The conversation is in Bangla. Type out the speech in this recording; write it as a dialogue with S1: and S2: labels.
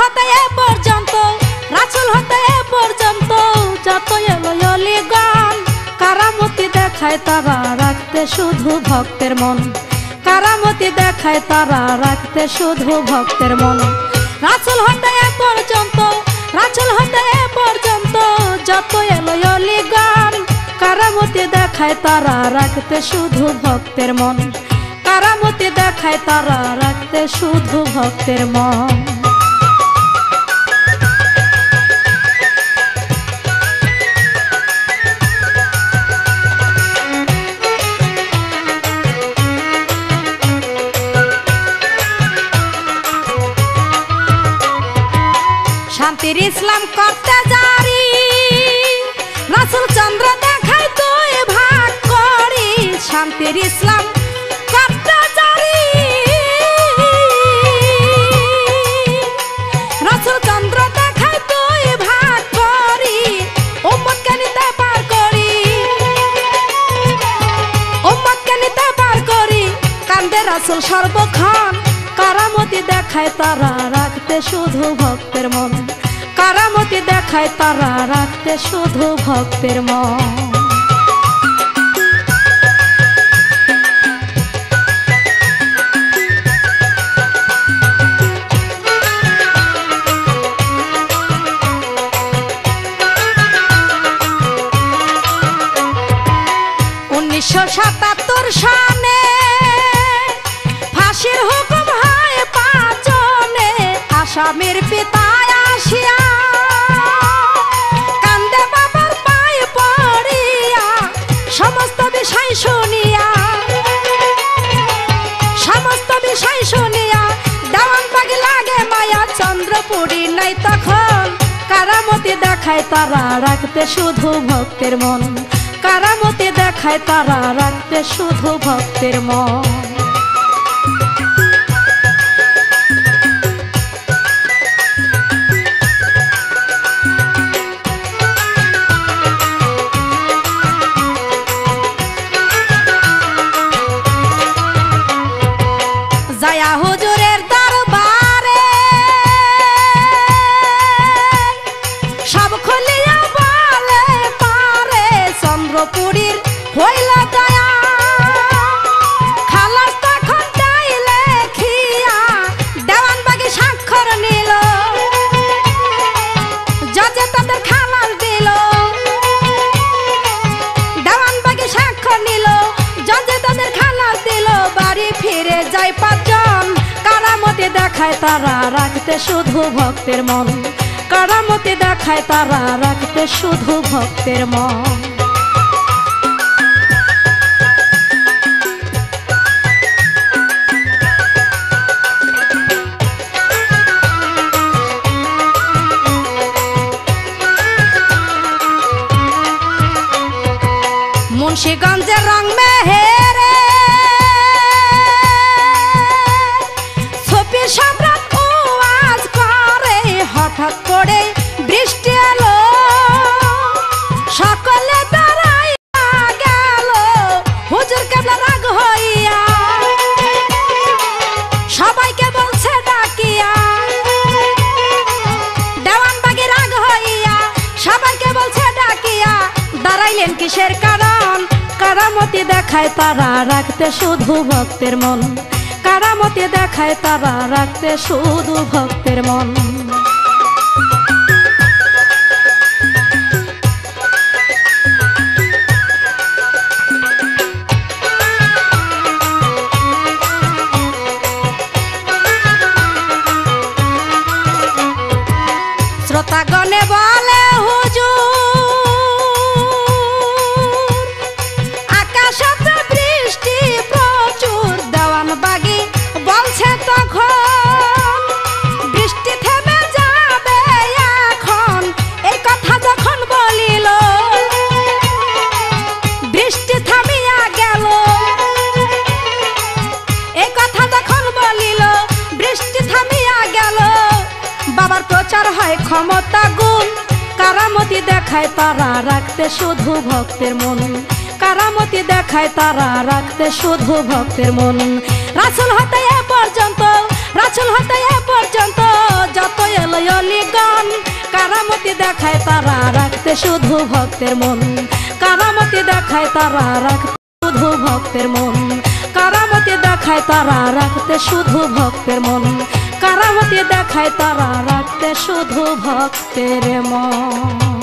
S1: হতে পর্যন্ত রাসুল হতে পর্যন্ত যত এলো অলিগণ কারামতি দেখায় রাখতে শুধু ভক্তের মন কারামতি দেখায় রাখতে শুধু ভক্তের মন রাসুল হতে পর্যন্ত রাসুল হতে এ পর্যন্ত যত এলো অলিগণ কারামতি দেখায় তারা রাখতে শুধু ভক্তের মন কারামতি দেখায় তারা রাখতে শুধু ভক্তের মন খাতির ইসলাম করতে জারি রাসুল চন্দ্র দেখাই তুই ভাগ করি শান্তির ইসলাম ভাগ করি করি করি কান্দে রাসুল সর্বক্ষণ কারামতি দেখায় তারা রাখতে শুধু ভক্তের মন কারামতি দেখায় তারা রাখতে শুধু ভক্তের মন উনিশশো সাতাত্তর সালে ফাঁসির হুকুম পিতায় আসিয়া কারামতে দেখায় তারা রাখতে শুধু ভক্তের মন কারামতে দেখায় তারা রাখতে শুধু ভক্তের মন সব খুলিয়া বলে পারে চন্দ্রপুরীর হইলা দয়া খালাস তখন চাইলে খিয়া দেওয়ানবাগে স্বাক্ষর নিল জজে তাদের খালাস দিল দেওয়ানবাগে স্বাক্ষর নিল জজে তাদের খালাস দিল বাড়ি ফিরে যায় পাঁচজন কারামতে দেখায় তারা রাখতে শুধু ভক্তের মন কারামতে দেখায় তারা রাখতে শুধু ভক্তের মন কিসের কারণ কারামতি দেখায় তারা রাখতে শুধু ভক্তের মন কারামতি দেখায় তারা রাখতে শুধু ভক্তের মন শ্রোতাগণে বলে হুজুর দেখায় তারা রাখতে শুধু ভক্তের মন কারামতি দেখায় তারা রাখতে শুধু ভক্তের মন রাসুল হতে এ পর্যন্ত রাসুল হতে এ পর্যন্ত যত এলো অলিগণ কারামতি দেখায় তারা রাখতে শুধু ভক্তের মন কারামতি দেখায় তারা রাখতে শুধু ভক্তের মন কারামতি দেখায় তারা রাখতে শুধু ভক্তের মন কারামতি দেখায় তারা রাখতে শুধু ভক্তের মন